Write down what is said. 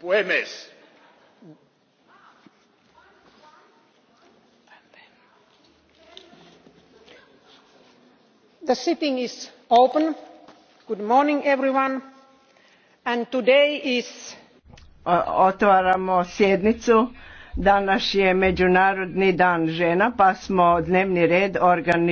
puhemies the sitting is open. good morning everyone and today is otvaramo sjednicu danas je međunarodni dan žena pa smo dnevni red organizirali